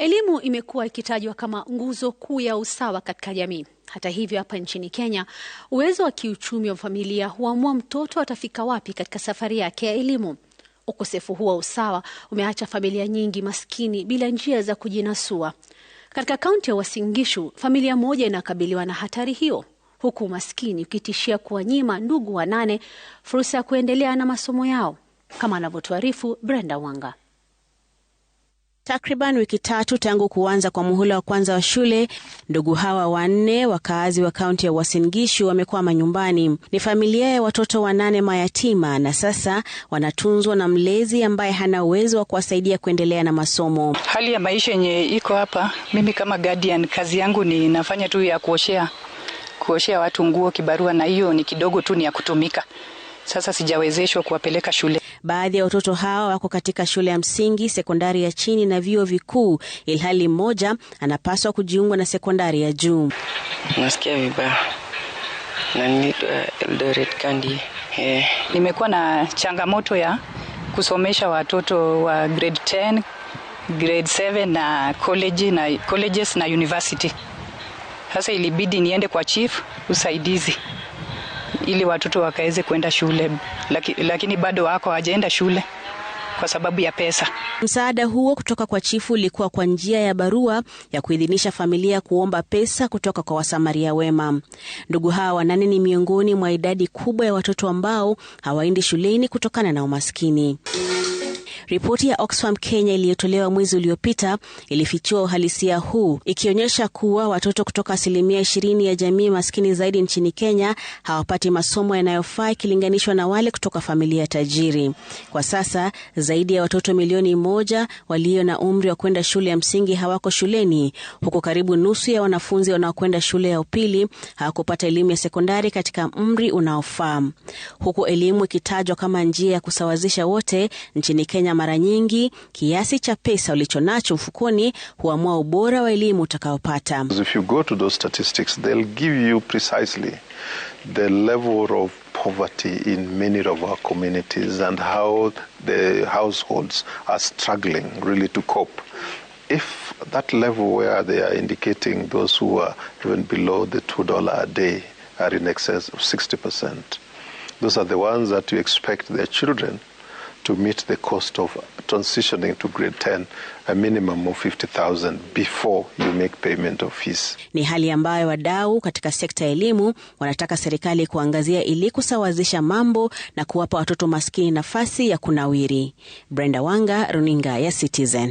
Elimu imekuwa ikitajwa kama nguzo kuu ya usawa katika jamii. Hata hivyo, hapa nchini Kenya, uwezo wa kiuchumi wa familia huamua mtoto atafika wapi katika safari yake ya elimu. Ukosefu huu wa usawa umeacha familia nyingi maskini bila njia za kujinasua. Katika kaunti ya Uasin Gishu, familia moja inakabiliwa na hatari hiyo, huku umaskini ukitishia kuwanyima ndugu wanane fursa ya kuendelea na masomo yao, kama anavyotuarifu Brenda Wanga. Takriban wiki tatu tangu kuanza kwa muhula wa kwanza wa shule, ndugu hawa wanne wakaazi wa kaunti ya Uasin Gishu wamekwama nyumbani. Ni familia ya watoto wanane mayatima na sasa wanatunzwa na mlezi ambaye hana uwezo wa kuwasaidia kuendelea na masomo. Hali ya maisha yenye iko hapa, mimi kama guardian, kazi yangu ni nafanya tu ya kuoshea kuoshea watu nguo kibarua, na hiyo ni kidogo tu ni ya kutumika. Sasa sijawezeshwa kuwapeleka shule. Baadhi ya watoto hawa wako katika shule ya msingi, sekondari ya chini na vyuo vikuu, ilhali mmoja anapaswa kujiunga na sekondari ya juu. Nasikia vibaya na ninaitwa Eldoret Kandi. Yeah. Nimekuwa na changamoto ya kusomesha watoto wa grade 10, grade 7 na college na colleges na university. Sasa ilibidi niende kwa chief usaidizi ili watoto wakaweze kwenda shule, lakini, lakini bado wako hawajaenda shule kwa sababu ya pesa. Msaada huo kutoka kwa chifu ulikuwa kwa njia ya barua ya kuidhinisha familia kuomba pesa kutoka kwa wasamaria wema. Ndugu hawa wanane ni miongoni mwa idadi kubwa ya watoto ambao hawaendi shuleni kutokana na umaskini. Ripoti ya Oxfam Kenya iliyotolewa mwezi uliopita ilifichua uhalisia huu ikionyesha kuwa watoto kutoka asilimia ishirini ya jamii maskini zaidi nchini Kenya hawapati masomo yanayofaa ikilinganishwa na wale kutoka familia tajiri. Kwa sasa zaidi ya watoto milioni moja walio na umri wa kwenda shule ya msingi hawako shuleni, huku karibu nusu ya wanafunzi wanaokwenda shule ya upili hawakupata elimu ya sekondari katika umri unaofaa, huku elimu ikitajwa kama njia ya kusawazisha wote nchini Kenya mara nyingi kiasi cha pesa ulicho nacho mfukoni huamua ubora wa elimu utakaopata. If you go to those statistics, they'll give you precisely the level of poverty in many of our communities and how the households are struggling really to cope. If that level where they are indicating those who are even below the $2 a day are in excess of 60%, those are the ones that you expect their children to meet the cost of transitioning to grade 10 a minimum of 50,000 before you make payment of fees. Ni hali ambayo wadau katika sekta ya elimu wanataka serikali kuangazia ili kusawazisha mambo na kuwapa watoto maskini nafasi ya kunawiri. Brenda Wanga, Runinga ya Citizen.